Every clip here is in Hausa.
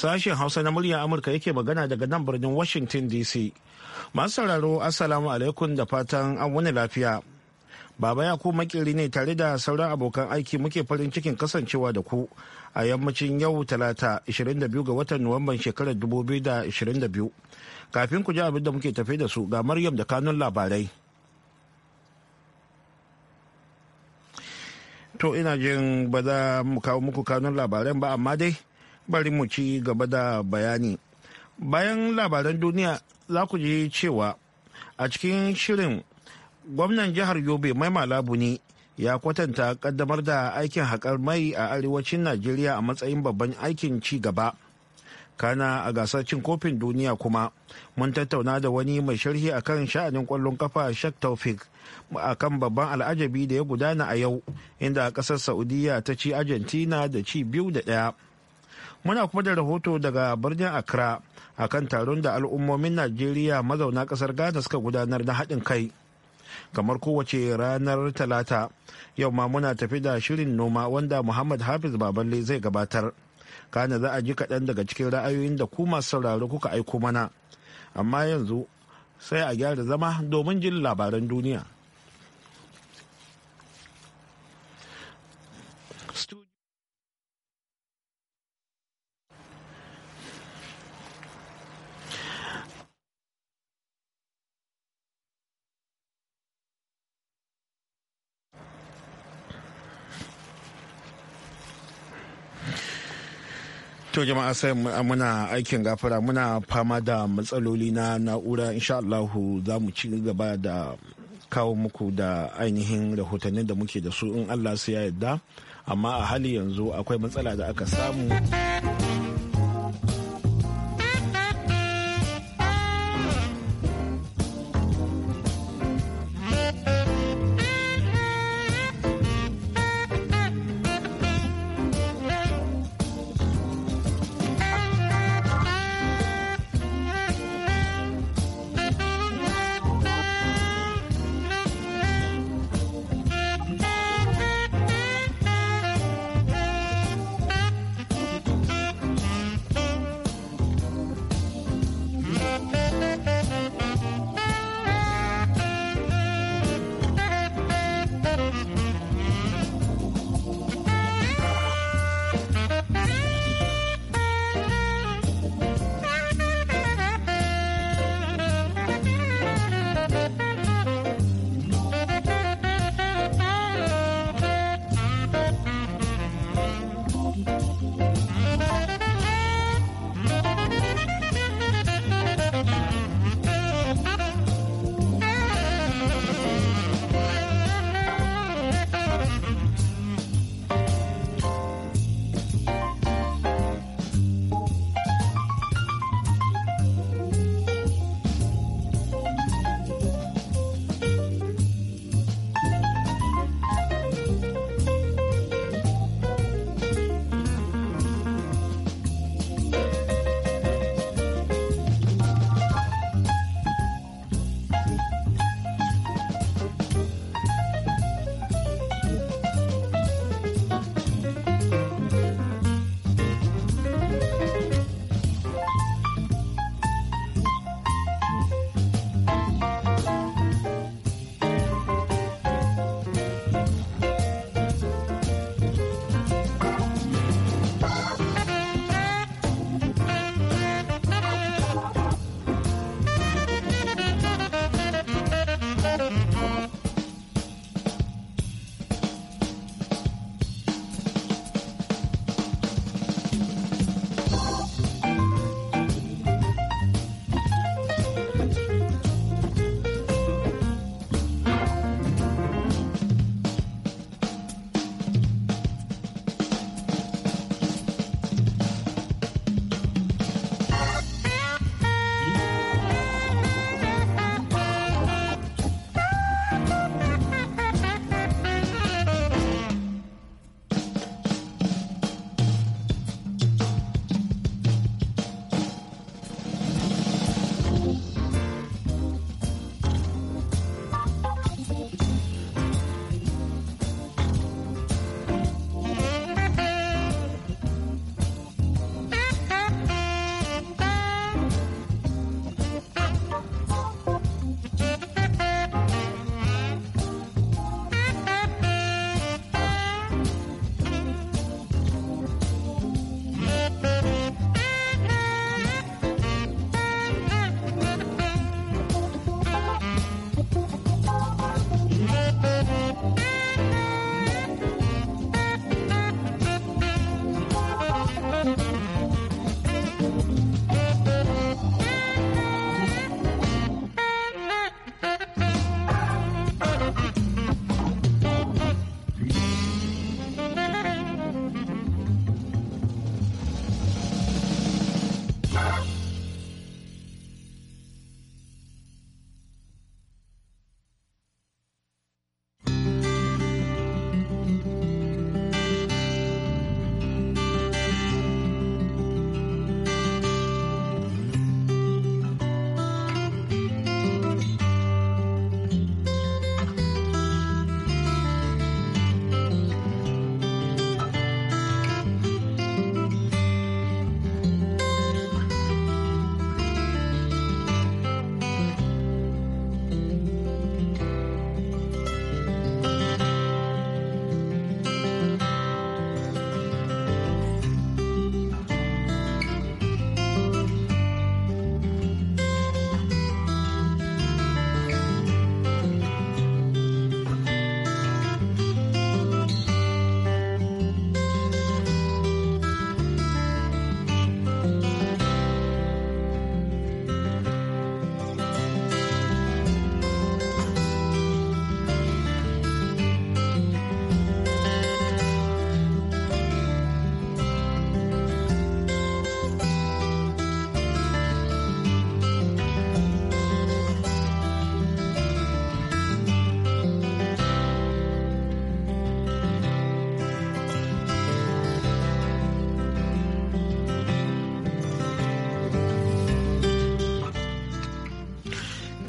Sashen Hausa na muryar Amurka yake magana daga nan birnin Washington DC. Masu sauraro Assalamu alaikum da fatan an wani lafiya. Baba ya ku makiri ne tare da sauran abokan aiki muke farin cikin kasancewa da ku a yammacin yau talata 22 ga watan Nuwamban shekarar 2022. Kafin ku ji abin da muke tafe da su ga Maryam da kanun labarai. To ina jin ba za mu kawo muku kanun labaran ba amma dai bari mu ci gaba da bayani bayan labaran duniya za ku ji cewa a cikin shirin gwamnan jihar yobe mai malabu ne ya kwatanta kaddamar da aikin haƙar mai a arewacin najeriya a matsayin babban aikin ci gaba kana a gasar cin kofin duniya kuma mun tattauna da wani mai sharhi a kan sha'anin kwallon kafa shak taufik kan babban al'ajabi da ya gudana a yau inda ƙasar saudiya ta ci argentina da ci biyu da ɗaya Muna kuma da rahoto daga birnin Accra a kan taron da al'ummomin Najeriya mazauna kasar Ghana suka gudanar na haɗin kai. Kamar kowace ranar Talata, yau ma muna tafi da shirin noma wanda Muhammad Hafiz Baballe zai gabatar. Kana za a ji kaɗan daga cikin ra'ayoyin da ku masu sauraro kuka aiko mana. Amma yanzu sai a gyara zama domin jin labaran duniya. To jama'a sai muna aikin gafara muna fama da matsaloli na na'ura insha Allahu za mu ci gaba da kawo muku da ainihin rahotannin da muke da su in Allah su ya yarda amma a hali yanzu akwai matsala da aka samu.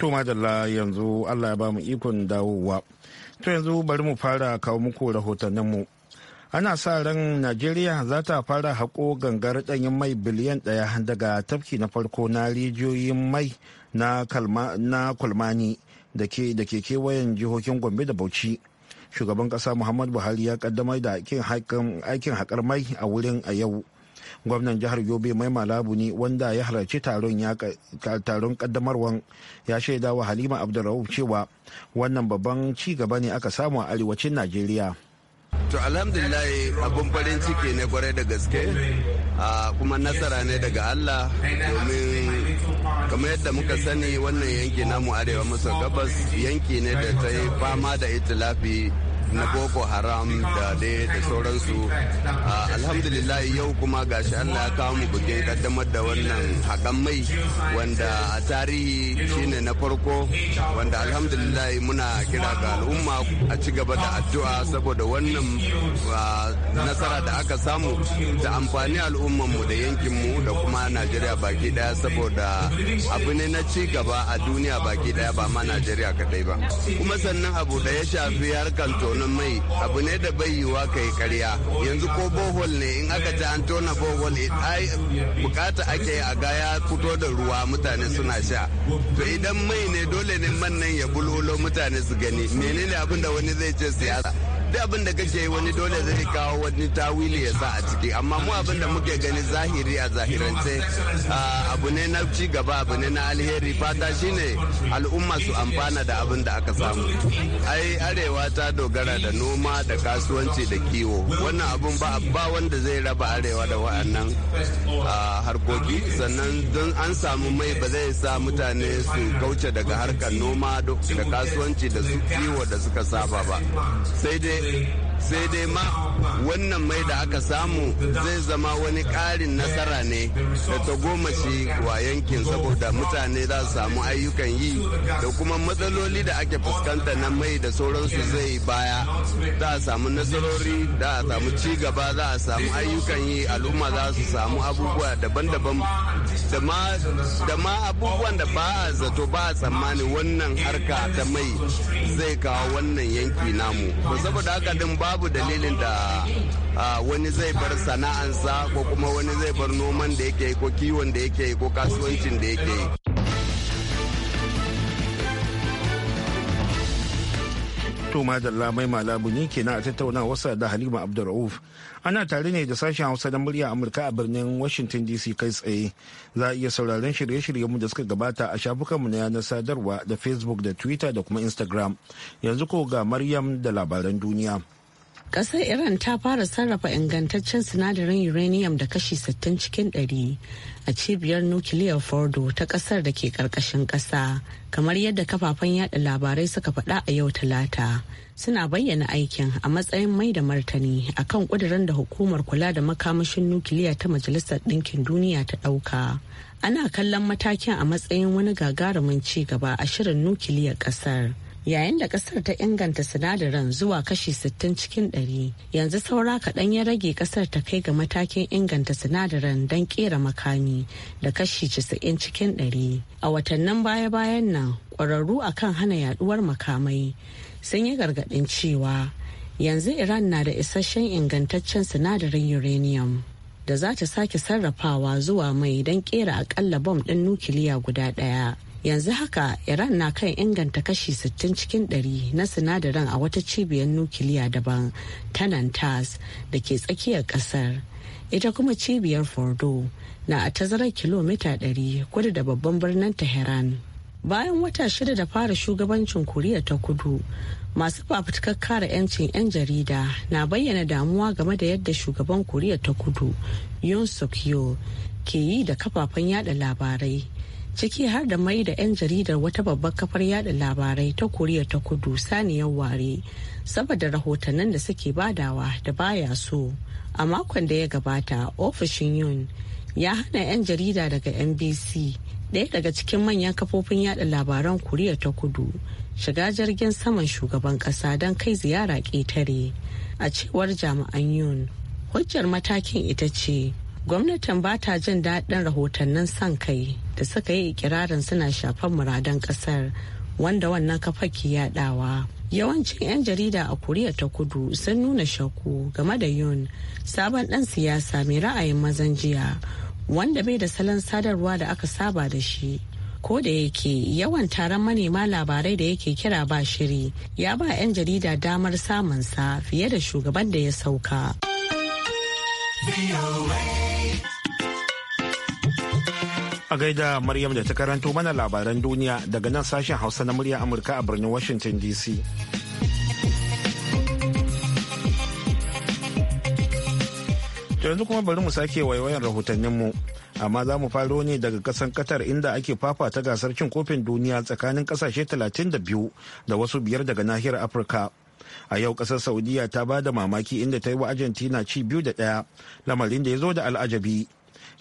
to majalla yanzu allah ya ba mu ikon dawowa to yanzu bari mu fara kawo muku rahotanninmu ana sa ran najeriya za ta fara haƙo gangar ɗanyen mai biliyan ɗaya daga tafki na farko na rijiyoyin mai na kulmani da ke kewayen jihohin gombe da bauchi shugaban ƙasa muhammadu buhari ya ƙaddamar da aikin haƙar mai a wurin a yau gwamnan jihar yobe mai malabu ne wanda ya halarci taron kaddamarwan ya shaida wa halima abdulrahman cewa wannan babban ci gaba ne aka samu a arewacin najeriya to alhamdulillah abun farin ciki ne kwarai da gaske kuma nasara ne daga allah domin kamar yadda muka sani wannan yanki namu arewa maso gabas yanki ne da ta yi fama da itilafi na boko haram da dai da sauransu ah, alhamdulillah yau kuma gashi allah ya kawo mu bukin kaddamar da wannan hakan mai wanda a tarihi shine na farko wanda alhamdulillah muna kira ga al'umma a ci gaba da addu'a saboda wannan ah, nasara da aka samu da amfani al'ummanmu da yankinmu da kuma najeriya baki daya saboda abu ne na ci gaba a duniya baki daya ba ma najeriya kadai ba kuma sannan abu da ya shafi harkar tono magudanan mai abu ne da bai yiwa kai karya yanzu ko bohol ne in aka ci an tona bohol eh, ai bukata ake a ga ya fito da ruwa mutane suna sha to idan mai ne dole ne man nan ya bulolo mutane su gani menene abin da wani zai ce siyasa duk abin da kake wani dole zai kawo wani tawili ya sa a ciki amma mu abin da muke gani zahiri a zahirance abu ne na ci gaba abu ne na alheri fata shine al'umma su amfana da abin da aka samu ai arewa ta dogara da noma da kasuwanci da kiwo wannan abun ba ba wanda zai raba arewa da wa'annan harkoki sannan don an samu mai ba zai sa mutane su kauce daga harkar noma da kasuwanci da su kiwo da suka saba ba sai dai sai dai ma wannan mai da aka samu zai zama wani ƙarin nasara ne da ta goma shi wa yankin saboda mutane za su samu ayyukan yi da kuma matsaloli da ake fuskanta na mai da sauransu zai baya za a samu nasarori za a samu ci gaba za a samu ayyukan yi al'umma za su samu abubuwa daban-daban da ma abubuwan da ba a zato ba a tsammani wannan harka ta mai zai kawo wannan yanki namu saboda haka din babu dalilin da wani zai bar sana'ansa ko kuma wani zai bar noman da yake yi ko kiwon da yake yi ko kasuwancin da yake yi To madalla mai malabu ne kenan a tattauna wasa da Halima Abdulrauf. Ana tare ne da sashen Hausa da murya Amurka a birnin Washington DC kai tsaye. Za a iya sauraron shirye-shiryenmu da suka gabata a shafukanmu na yanar sadarwa da Facebook da Twitter da kuma Instagram. Yanzu ko ga Maryam da labaran duniya. Ƙasar Iran ta fara sarrafa ingantaccen sinadarin uranium da kashi 60 cikin 100 a cibiyar nukiliyar Fordo ta ƙasar da ke ƙarƙashin ƙasa, kamar yadda kafafen yada labarai suka faɗa a yau Talata. Suna bayyana aikin a matsayin mai da martani kan ƙudurin da hukumar kula da makamashin nukiliya ta Majalisar Ɗinkin Duniya ta ɗauka. Ana kallon matakin a matsayin wani gagarumin ci gaba a shirin nukiliyar ƙasar. yayin da kasar ta inganta sinadarin zuwa kashi 60 cikin 100 yanzu saura kaɗan ya rage kasar ta kai ga matakin inganta sinadarin don kera makami da kashi 90 cikin 100 a watannin baya-bayan nan ƙwararru a kan hana yaduwar makamai sun yi gargaɗin cewa yanzu iran na da isasshen ingantaccen sinadarin uranium da za ta sake sarrafawa zuwa mai don kera akalla bom ɗin nukiliya guda ɗaya. yanzu haka iran na kan inganta kashi 60 cikin 100 na sinadaran a wata cibiyar nukiliya daban ta nantas da ke tsakiyar kasar ita kuma cibiyar fordo na a tazarar kilomita 100 kudu da babban birnin tehran bayan wata shida da fara shugabancin koriya ta kudu masu fafutukar kare 'yancin 'yan jarida na bayyana damuwa game da yadda shugaban koriya ta kudu yun suk ke yi da kafafen yada labarai ciki har da mai da 'yan jaridar wata babbar kafar yada labarai ta koriya ta kudu saniyar ware saboda rahotannin da suke badawa da baya so a makon da ya gabata ofishin yun ya hana 'yan jarida daga nbc ɗaya daga cikin manyan kafofin yada labaran koriya ta kudu shiga jirgin saman shugaban ƙasa don kai ziyara ƙetare a cewar jami'an yun hujjar matakin ita ce gwamnatin ba ta jin daɗin rahotannin son kai da suka yi ikirarin suna shafan muradan ƙasar wanda wannan kafa ke yaɗawa. yawancin 'yan jarida a koriya ta kudu sun nuna shaku game da yun sabon ɗan siyasa mai ra'ayin mazan jiya wanda bai da salon sadarwa da aka saba da shi ko da yake yawan taron manema labarai da yake kira ba shiri ya ba 'yan jarida damar samunsa fiye da shugaban da ya sauka. A gaida Maryam da ta karanto mana labaran duniya daga nan sashen Hausa na murya Amurka a birnin Washington DC. yanzu kuma bari mu sake waiwayan rahotanninmu amma za mu faro ne daga kasan qatar inda ake fafa ta gasar cin kofin duniya tsakanin kasashe 32 da wasu biyar daga nahiyar afirka a yau kasar saudiya ta ba da mamaki inda ta yi wa argentina ci biyu da daya lamarin da ya zo da al'ajabi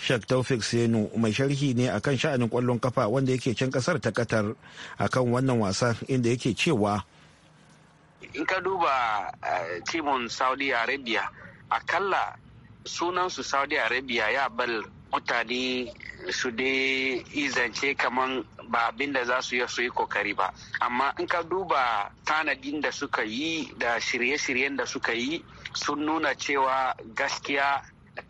Sheikh Taufik Senu mai sharhi ne akan sha'anin kwallon kafa wanda yake can kasar ta Qatar akan wannan wasa inda yake cewa in ka duba eh, timon Saudi Arabia akalla sunansu Saudi Arabia ya bal mutane su dai izance kaman ba abin da za su yi su yi kokari ba amma in ka duba tanadin da suka yi da shirye-shiryen da suka yi sun nuna cewa gaskiya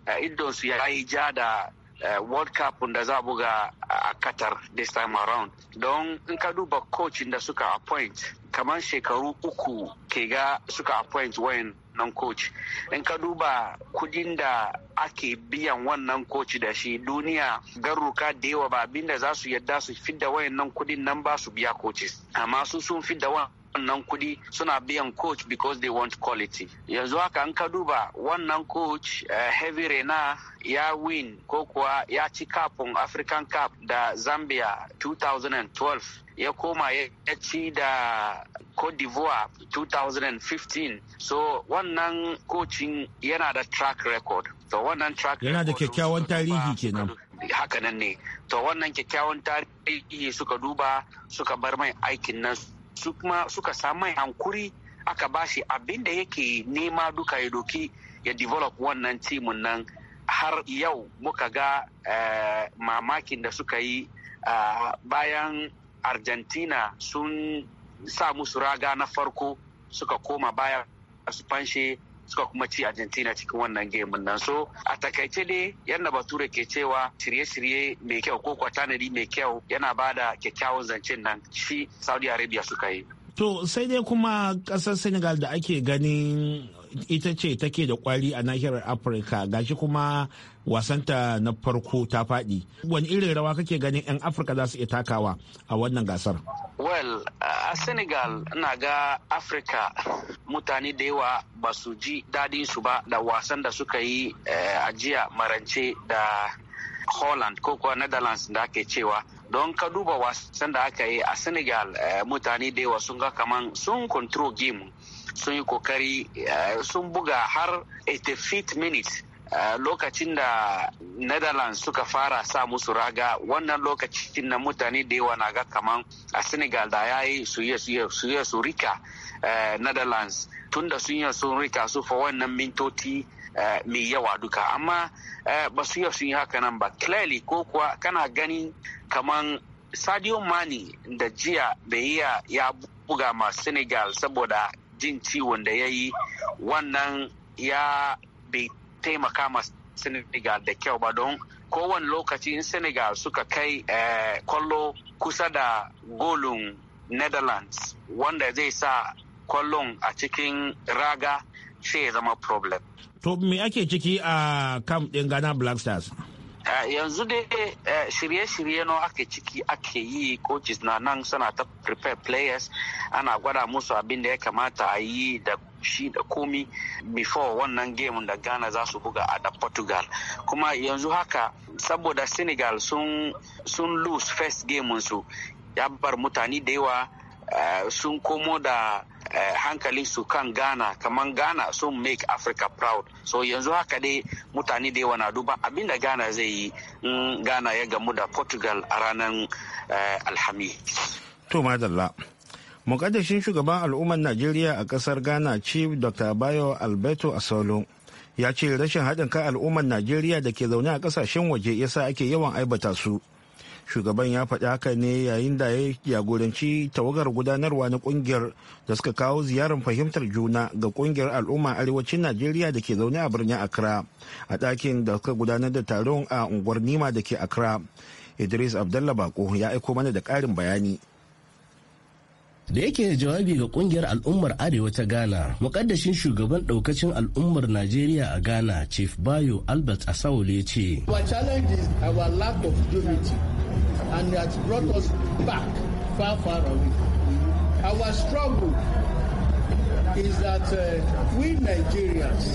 Eh, idonsu ya yi ja da eh, world cup da za buga a qatar this time around don in ka duba coachin da suka appoint kamar shekaru uku ke ga suka appoint wayan nan coach in ka duba kudin da ake biyan wannan coach da shi duniya garuka da yawa ba abinda za su yadda su fidda wayan nan kudin nan ba su biya coaches amma su sun fidda wannan wannan kuɗi suna biyan coach because they want quality yanzu haka an ka duba wannan coach eh, heavy rena ya win ko kuwa ya ci kafin african cup da zambia 2012 ya koma ya ci da Cote d'Ivoire 2015 so wannan coaching yana da track record to wannan track yana da kyakkyawan tarihi kenan haka ne to wannan kyakkyawan tarihi suka duba suka bar mai aikin nan su kuma suka samu hankuri aka bashi abin da yake nema duka ya doki ya develop wannan timun nan har yau muka ga eh, mamakin da suka yi uh, bayan argentina sun sa musu raga na farko suka koma baya su fanshe suka kuma ci argentina cikin wannan gemin nan so a takaice dai yanda bature ke cewa shirye-shirye mai kyau ko kwatanadi mai kyau yana ba da kyakkyawan zancen nan shi saudi arabia suka yi To sai dai kuma ƙasar Senegal da ake ganin ita ce take da kwari a nahiyar afirka gashi kuma wasanta na farko ta faɗi wani irin rawa kake ganin 'yan afirka za su iya takawa a wannan gasar well a senegal ina ga afirka mutane da yawa ba su ji dadin su ba da wasan da suka yi eh, a jiya marance da holland ko kuwa netherlands da ake cewa don ka duba wasan da aka yi a senegal eh, mutane da yawa sun ga kaman sun control game sun yi kokari eh, sun buga har 85 minutes eh, lokacin da netherlands suka fara sa musu raga wannan lokacin na mutane da yawa na ga kaman a senegal da ya yi suye su rika eh, netherlands Tun da sun yi sun rika su fa wannan mintoti mai yawa duka amma ba su yi sun yi haka nan ba clearly ko kuwa kana gani kaman sadio mani da jiya bai iya ya buga ma senegal saboda jin ciwon da ya yi wannan ya bai taimaka ma senegal da kyau ba don kowane lokaci in senegal suka kai eh, kwallo kusa da golun netherlands wanda zai sa kwallon a cikin raga sai ya zama problem to me ake ciki a camp ɗin ghana black stars Eh, yanzu dai eh, shirye-shirye na ake ciki ake yi coaches na nan suna ta prepare players ana gwada musu abin da ya kamata a yi da shi da komi before wannan game da ghana za su buga a da portugal kuma yanzu haka saboda senegal sun lose first game su ya bar mutane da yawa eh, sun komo da Eh, hankali su kan ghana kamar ghana sun make africa proud so yanzu haka dai mutane da yawa na duba abinda ghana zai yi in ghana ya gamu da portugal a ranar eh, alhami to madalla mukaddashin shugaban al'ummar najeriya a kasar ghana chief dr bayo alberto asolo ya ce rashin haɗin kan al'ummar najeriya da ke zaune a ƙasashen waje yasa ake yawan aibata su shugaban ya faɗi haka ne yayin da ya jagoranci tawagar gudanarwa na ƙungiyar da suka kawo ziyarar fahimtar juna ga ƙungiyar al'umma arewacin najeriya da ke zaune a birnin accra a ɗakin da suka gudanar da taron a unguwar nima da ke accra idris abdallah bako ya aiko mana da ƙarin bayani da yake jawabi ga kungiyar al'ummar arewa ta ghana mukaddashin shugaban daukacin al'ummar najeriya a ghana chief bayo albert asawole ya ce And that brought us back is that uh, we Nigerians,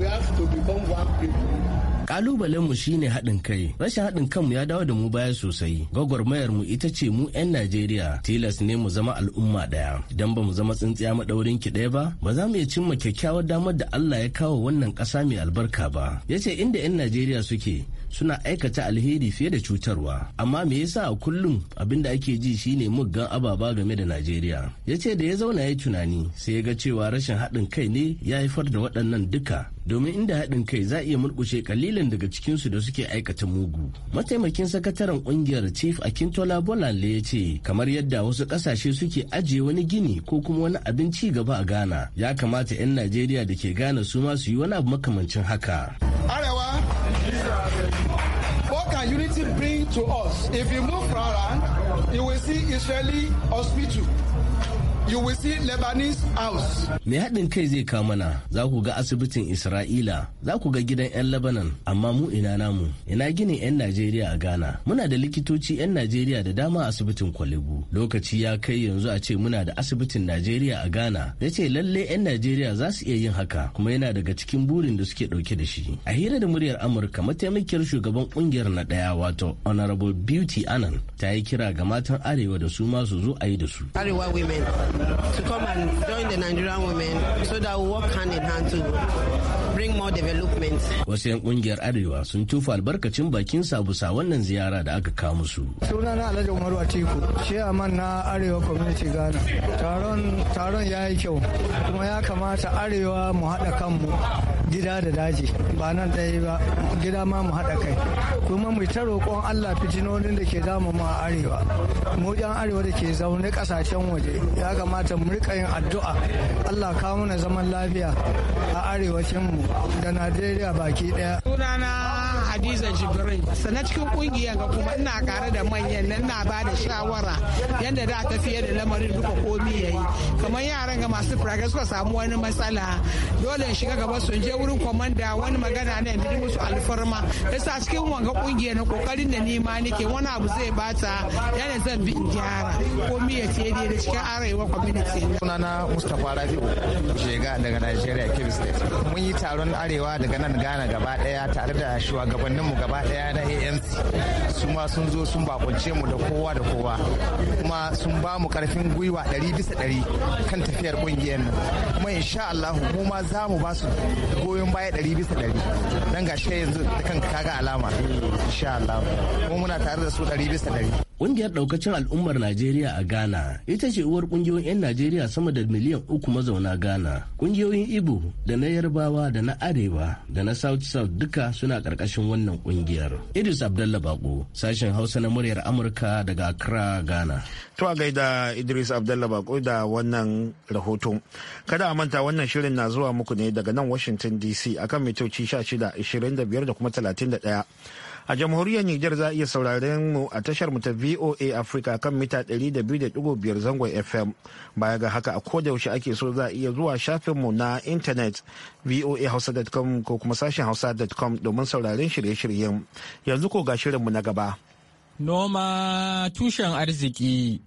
we have to become one people. Kalubalen mu shine haɗin kai. Rashin haɗin kanmu ya dawo da mu baya sosai. Gwagwarmayar mu ita ce mu 'yan Najeriya tilas ne mu zama al'umma ɗaya. Idan ba mu zama tsintsiya maɗaurin ki ɗaya ba, ba za mu iya cimma kyakkyawar damar da Allah ya kawo wannan ƙasa mai albarka ba. yace inda 'yan Najeriya suke suna aikata alheri fiye da cutarwa amma me yasa a kullum abin da ake ji shine muggan ababa game da najeriya ya ce da ya zauna ya tunani sai ya ga cewa rashin haɗin kai ne ya haifar da waɗannan duka domin inda haɗin kai za iya murkushe kalilan daga cikinsu da suke aikata mugu mataimakin sakataren ƙungiyar chief akintola bolale ya ce kamar yadda wasu ƙasashe suke ajiye wani gini ko kuma wani abin ci gaba a ghana ya kamata 'yan najeriya da ke ghana su ma su yi wani abu makamancin haka does it bring to us? If you move around, you will see Israeli hospital. you will see Lebanese house. Me haɗin kai zai kawo mana za ku ga asibitin Isra'ila za ku ga gidan 'yan Lebanon amma mu ina namu ina ginin 'yan Najeriya a Ghana muna da likitoci 'yan Najeriya da dama asibitin Kwalegu lokaci ya kai yanzu a ce muna da asibitin Najeriya a Ghana ya ce lalle 'yan Najeriya za su iya yin haka kuma yana daga cikin burin da suke ɗauke da shi a hira da muryar Amurka mataimakiyar shugaban ƙungiyar na ɗaya wato Honorable Beauty Anan ta yi kira ga matan Arewa da su ma su zo a yi da su. Arewa women to come and join the Nigerian women so that we work hand in hand to bring more development. Wasu 'yan kungiyar Arewa sun tufa albarkacin bakin sabusa wannan ziyara da aka kawo musu. Sunana Alhaji Umaru Atiku, chairman na Arewa Community Ghana. Taron taron ya kyau kuma ya kamata Arewa mu haɗa kanmu gida da daji ba nan ɗaya ba gida ma mu haɗa kai kuma mu ta roƙon allah fitinonin da ke zama mu a arewa mu ɗan arewa da ke zaune ƙasashen waje ya kamata mu rika yin addu'a allah kawo mana zaman lafiya a arewacin mu da najeriya baki ɗaya sunana hadiza jibrin sannan cikin kungiyar ga kuma ina kare da manyan nan na ba da shawara yadda da fiye da lamarin duka komi yayi kamar yaran ga masu firaga suka samu wani matsala dole shiga gaba su je wurin kwamanda wani magana ne bi musu alfarma a cikin wanga kungiyar na kokarin da nima nake wani abu zai bata yana zan bi in gyara komi ya ce da cikin arewa community sunana mustapha rabiu shega daga nigeria kebbi state mun yi taron arewa daga nan ghana gaba daya tare da shugaban shugabanninmu gaba daya na anc su ma sun zo sun bakunce mu da kowa da kowa kuma sun ba mu karfin gwiwa ɗari bisa ɗari kan tafiyar ƙungiyar nan kuma insha Allah mu ma za mu ba su goyon baya ɗari bisa ɗari dan ga shi yanzu da kan kaga alama insha Allah kuma muna tare da su ɗari bisa ɗari Ƙungiyar ɗaukacin al'ummar Najeriya a Ghana ita ce uwar ƙungiyoyin 'yan Najeriya sama da miliyan uku mazauna Ghana. Ƙungiyoyin Ibo da na Yarbawa da na Arewa da na South South duka suna ƙarƙashin wannan ƙungiyar. Idris Abdallah Bako, sashen Hausa na muryar Amurka daga Accra, Ghana. To a gaida Idris Abdallah Bako da wannan rahoto. Kada a manta wannan shirin na zuwa muku ne daga nan Washington DC akan mitoci 16, 25 da kuma 31. A jamhuriyar Nijar za a iya sauraren mu a tashar mu ta VOA Africa kan mita 200.5 zangon FM. Baya ga haka a kodayaushe ake so za a iya zuwa shafin mu na intanet voahausa.com ko kuma sashen hausa.com domin sauraren shirye-shiryen. Yanzu ko ga shirin mu na gaba. Noma tushen arziki.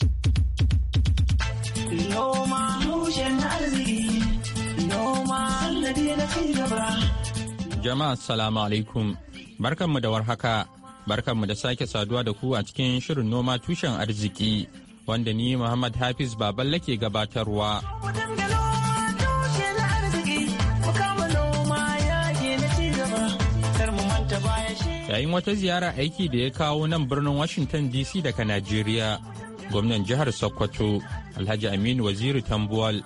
Noma tushen arziki. Noma na Jama'a salamu alaikum. Barkanmu da warhaka, barkanmu da sake saduwa da ku a cikin shirin noma tushen arziki wanda ni Muhammad Hafiz Baballe ke gabatarwa. Yayin wata ziyara aiki da ya kawo nan birnin Washington DC daga Najeriya, gwamnan jihar Sokoto, Alhaji Aminu Waziri Tambuwal,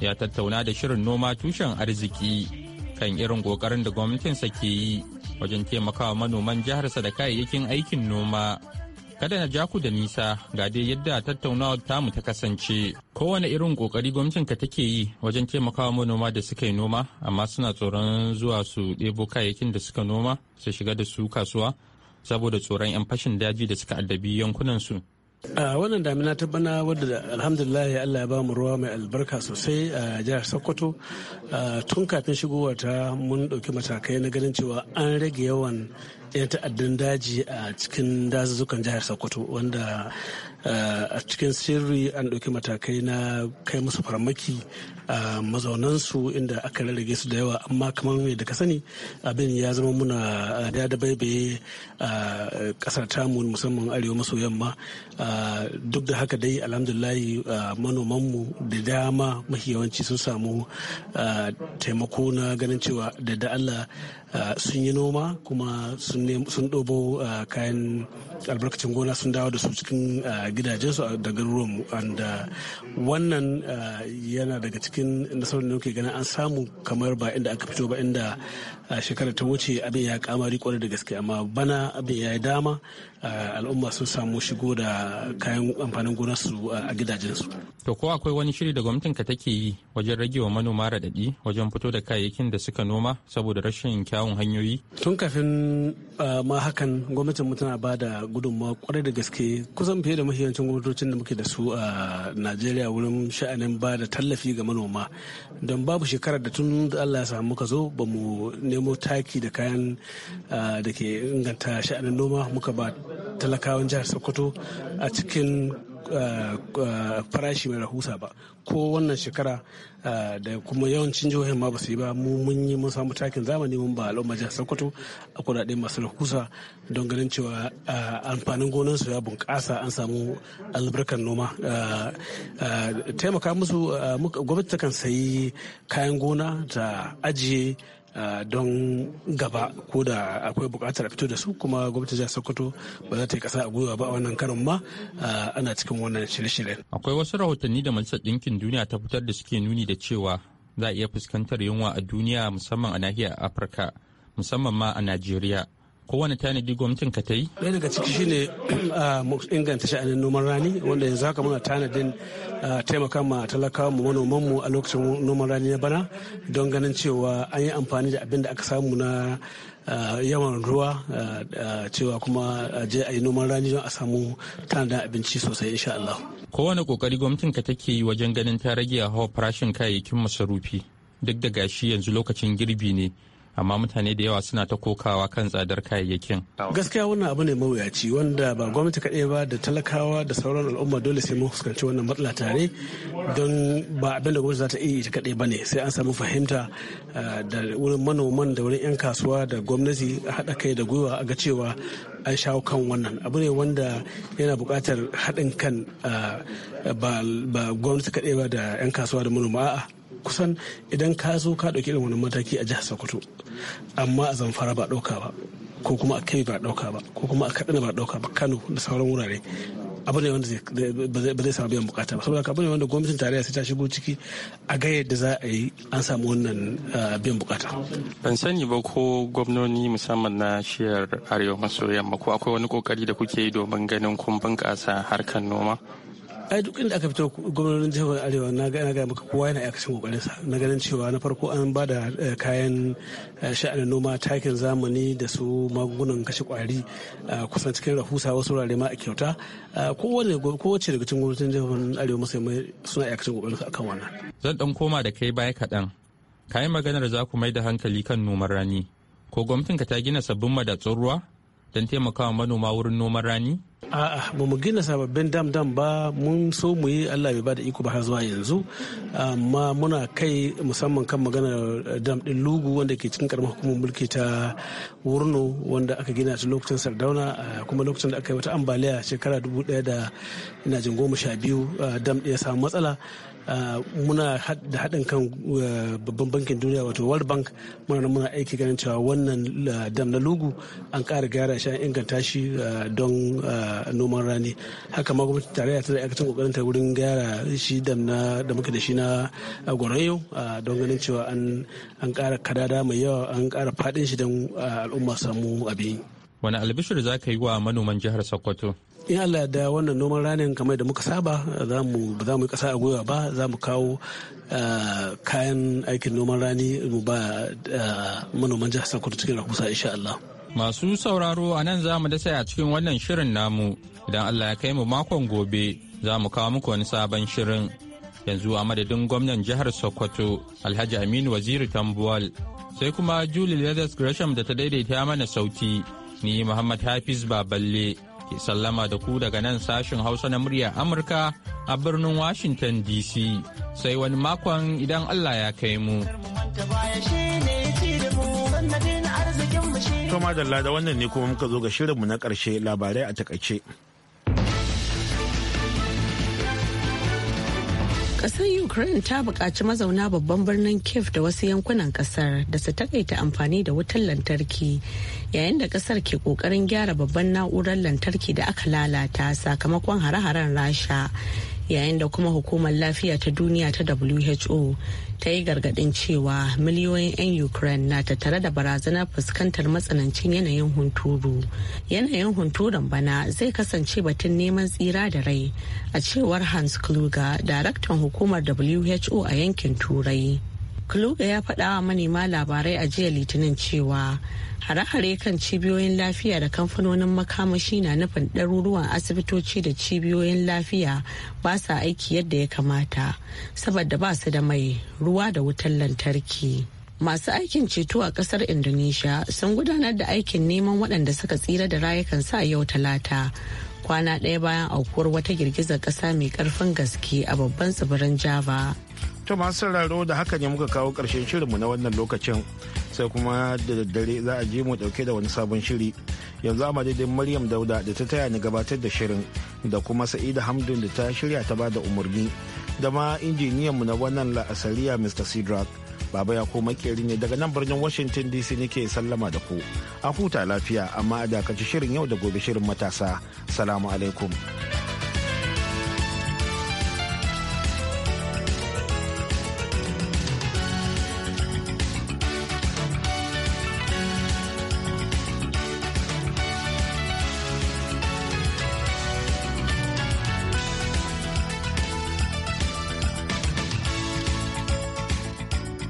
ya tattauna da shirin noma tushen arziki. kan irin kokarin da gwamnatinsa ke yi wajen taimakawa manoman jiharsa da kayayyakin aikin noma. Kada na ja ku da nisa ga dai yadda tattaunawar tamu ta kasance. Kowane irin kokari gwamnatinka take yi wajen taimakawa manoma da suka yi noma amma suna tsoron zuwa su ɗebo kayayyakin da suka noma su shiga da su kasuwa saboda tsoron 'yan fashin daji da suka addabi yankunansu. a wannan damina ta bana wadda alhamdulillah allah ya ba mu ruwa mai albarka sosai a jihar sokoto tun kafin shigowa mun ɗauki matakai na ganin cewa an rage yawan 'yan ta'addan daji a cikin dazuzzukan jihar sokoto wanda eh, a cikin sirri an ɗauki matakai na kai musu farmaki a mazaunansu inda aka rarrage su da yawa amma kamar yadda ka sani abin ya zama muna da eh, da baibaye a eh, kasar tamu musamman arewa maso yamma duk da haka dai alhamdulahi manomanmu da dama mafi yawanci sun samu taimako na ganin cewa da da allah Ah, sun yi noma kuma sun ɗobo ah, kayan albarkacin gona sun dawo da su cikin ah, gidajensu da garuruwanmu wanda wannan yana daga cikin nasarar da muke ganin an samu kamar ba inda aka fito ba inda a shekarar ta wuce abin ya kamari kwarai da gaske amma bana abin ya yi dama al'umma sun samu shigo da kayan amfanin gonarsu a gidajensu. To ko akwai wani shiri da gwamnatin ka take yi wajen rage wa manoma raɗaɗi wajen fito da kayayyakin da suka noma saboda rashin kyawun hanyoyi? Tun kafin ma hakan gwamnatin mu tana bada gudunmawa kwarai da gaske kusan fiye da mahiyancin gwamnatocin da muke da su a Najeriya wurin sha'anin ba da tallafi ga manoma don babu shekarar da tun Allah ya samu muka zo ba mu nemo nemo taki da kayan ah, da ke inganta sha'anin noma muka ba talakawan jihar sokoto a cikin ah, ah, farashi mai rahusa ba ko wannan shekara da kuma yawancin jihohin ma ba su yi ba mu mun yi mun samu takin zamani mun ba al'umma jihar sokoto a kudade masu rahusa don ganin cewa amfanin su ya bunƙasa an samu albarkar noma taimaka musu gwamnati kan sayi kayan gona ta ajiye don gaba ko da akwai bukatar fito da su kuma gwamnati jihar sokoto ba za ta yi kasa a gwiwa ba a wannan karon ma ana cikin wannan shirye-shiryen akwai wasu rahotanni da majalisar ɗinkin duniya ta fitar da suke nuni da cewa za a iya fuskantar yunwa a duniya musamman a nahiyar afirka musamman ma a najeriya kowane tanadi gwamnatin ka ta yi? Ɗaya daga ciki shine a ah, inganta sha'anin noman rani wanda yanzu haka muna tanadin ah, taimaka ma talakawa mu manoman mu a lokacin noman rani na bana don ganin cewa an yi amfani da abin da aka samu na ah, yawan ruwa cewa kuma je a yi noman rani don a samu tanadin abinci sosai insha Allah. Kowane kokari gwamnatin ka take yi wajen ganin ta rage hawa farashin kayayyakin masarufi duk da gashi yanzu lokacin girbi ne amma mutane da yawa suna ta kokawa kan tsadar kayayyakin. Gaskiya wannan abu ne mawuyaci wanda ba gwamnati kaɗai ba da talakawa da sauran al'umma dole sai mun fuskanci wannan matsala tare don ba abin da gwamnati za ta iya ita kaɗai ba ne sai an samu fahimta eh, da wurin manoman da wurin 'yan kasuwa da gwamnati haɗa kai da gwiwa a ga cewa an shawo kan wannan abu ne wanda yana buƙatar haɗin kan eh, ba gwamnati kaɗai ba da 'yan kasuwa da manoma a'a kusan idan ka zo ka ɗauki irin wani mataki a jihar sokoto amma a zamfara ba ɗauka ba ko kuma a kai ba ɗauka ba ko kuma a kaɗana ba ɗauka ba kano da sauran wurare abu ne wanda ba zai samu biyan bukata ba saboda abu ne wanda gwamnatin tarayya sai ta shigo ciki a ga yadda za a yi an samu wannan biyan bukata. ban sani ba ko gwamnoni musamman na shiyar arewa maso yamma ko akwai wani kokari da kuke yi domin ganin kun bunƙasa harkar noma. ai duk inda aka fito gwamnatin jihar arewa na ga ga maka kowa yana aikacin sa na ganin cewa na farko an ba da eh, kayan eh, sha'anin noma takin zamani da su magungunan kashe kwari eh, kusan cikin rahusa wasu wurare ma a kyauta ko kowace daga cikin gwamnatin jihar arewa mai suna aikacin sa akan wannan zan dan koma da kai baya kaɗan kayan maganar za ku mai da hankali kan noman rani ko ka ta gina sabbin madatsun ruwa don taimakawa manoma wurin noman rani A'a ba mu gina sababbin dam dam ba mun so mu yi Allah bai ba da iko ba har zuwa yanzu amma muna kai musamman kan maganar eh, dam din Lugu wanda ke cikin karamar hukumar mulki ta Wurno wanda aka gina ta lokacin Sardauna eh, kuma lokacin da aka yi wata ambaliya shekara dubu daya da ina jin goma sha biyu eh, dam ya samu matsala Ah, muna da haɗin kan eh, babban bankin duniya wato world bank muna muna aiki ganin cewa wannan eh, dam na lugu an ƙara gyara shi an inganta shi eh, don noman rani haka ma gwamnati tarayya ta aikatan kokarin ta wurin gyara shi dam na da muke da shi na gwarayo don ganin cewa an ƙara kadada mai yawa an ƙara faɗin shi don al'umma samu abin wani albishir za ka yi wa manoman jihar sokoto in allah da wannan noman ranin kamar da muka saba za mu za mu yi kasa a gwiwa ba za mu kawo eh, kayan aikin noman rani mu ba eh, manoman jihar sokoto cikin rahusa insha allah masu sauraro a nan za mu dasa a cikin wannan shirin namu idan allah ya kai mu makon gobe za mu kawo muku wani sabon shirin yanzu a madadin gwamnan jihar sokoto alhaji aminu waziri tambuwal sai kuma julie leathers gresham da ta daidaita mana sauti Ni Muhammad Hafiz Baballe ke sallama da ku daga nan sashin Hausa na murya Amurka a birnin Washington DC. Sai wani makon idan Allah ya kai mu. kuma da wannan ne kuma muka zo ga shirinmu na ƙarshe labarai a takaice. Kasar Ukraine ta buƙaci mazauna babban birnin Kiev da wasu yankunan kasar da su takaita amfani da wutar lantarki yayin da kasar ke ƙoƙarin gyara babban na'urar lantarki da aka lalata sakamakon hare-haren Rasha yayin da kuma hukumar lafiya ta duniya ta who ta yi gargadin cewa miliyoyin 'yan ukraine na tattare da barazanar fuskantar matsanancin yanayin hunturu yanayin hunturun bana zai kasance batun neman tsira da rai a cewar hans kluger daraktan hukumar who a yankin turai kluger ya faɗawa manema labarai a jiya litinin cewa hare-hare kan cibiyoyin lafiya da kamfanonin makamashi na nufin ɗaruruwan asibitoci da cibiyoyin lafiya ba sa aiki yadda ya kamata saboda ba su da mai ruwa da wutar lantarki masu aikin ceto a kasar indonesia sun gudanar da aikin neman waɗanda suka tsira da rayukansu a yau talata kwana ɗaya bayan aukuwar wata girgizar ƙasa mai ƙarfin gaske a babban tsibirin java To masu sauraro da haka ne muka kawo ƙarshen shirinmu na wannan lokacin sai kuma da daddare za a je mu dauke da wani sabon shiri. Yanzu a daidai Maryam Dauda da ta taya ni gabatar da shirin da kuma Sa'ida Hamdun da ta shirya ta ba da umarni da ma injiniyanmu na wannan la'asariya Mr. Sidrak. Baba ya koma makeri ne daga nan birnin Washington DC nake sallama da ku. A huta lafiya amma a dakaci shirin yau da gobe shirin matasa. Salamu alaikum.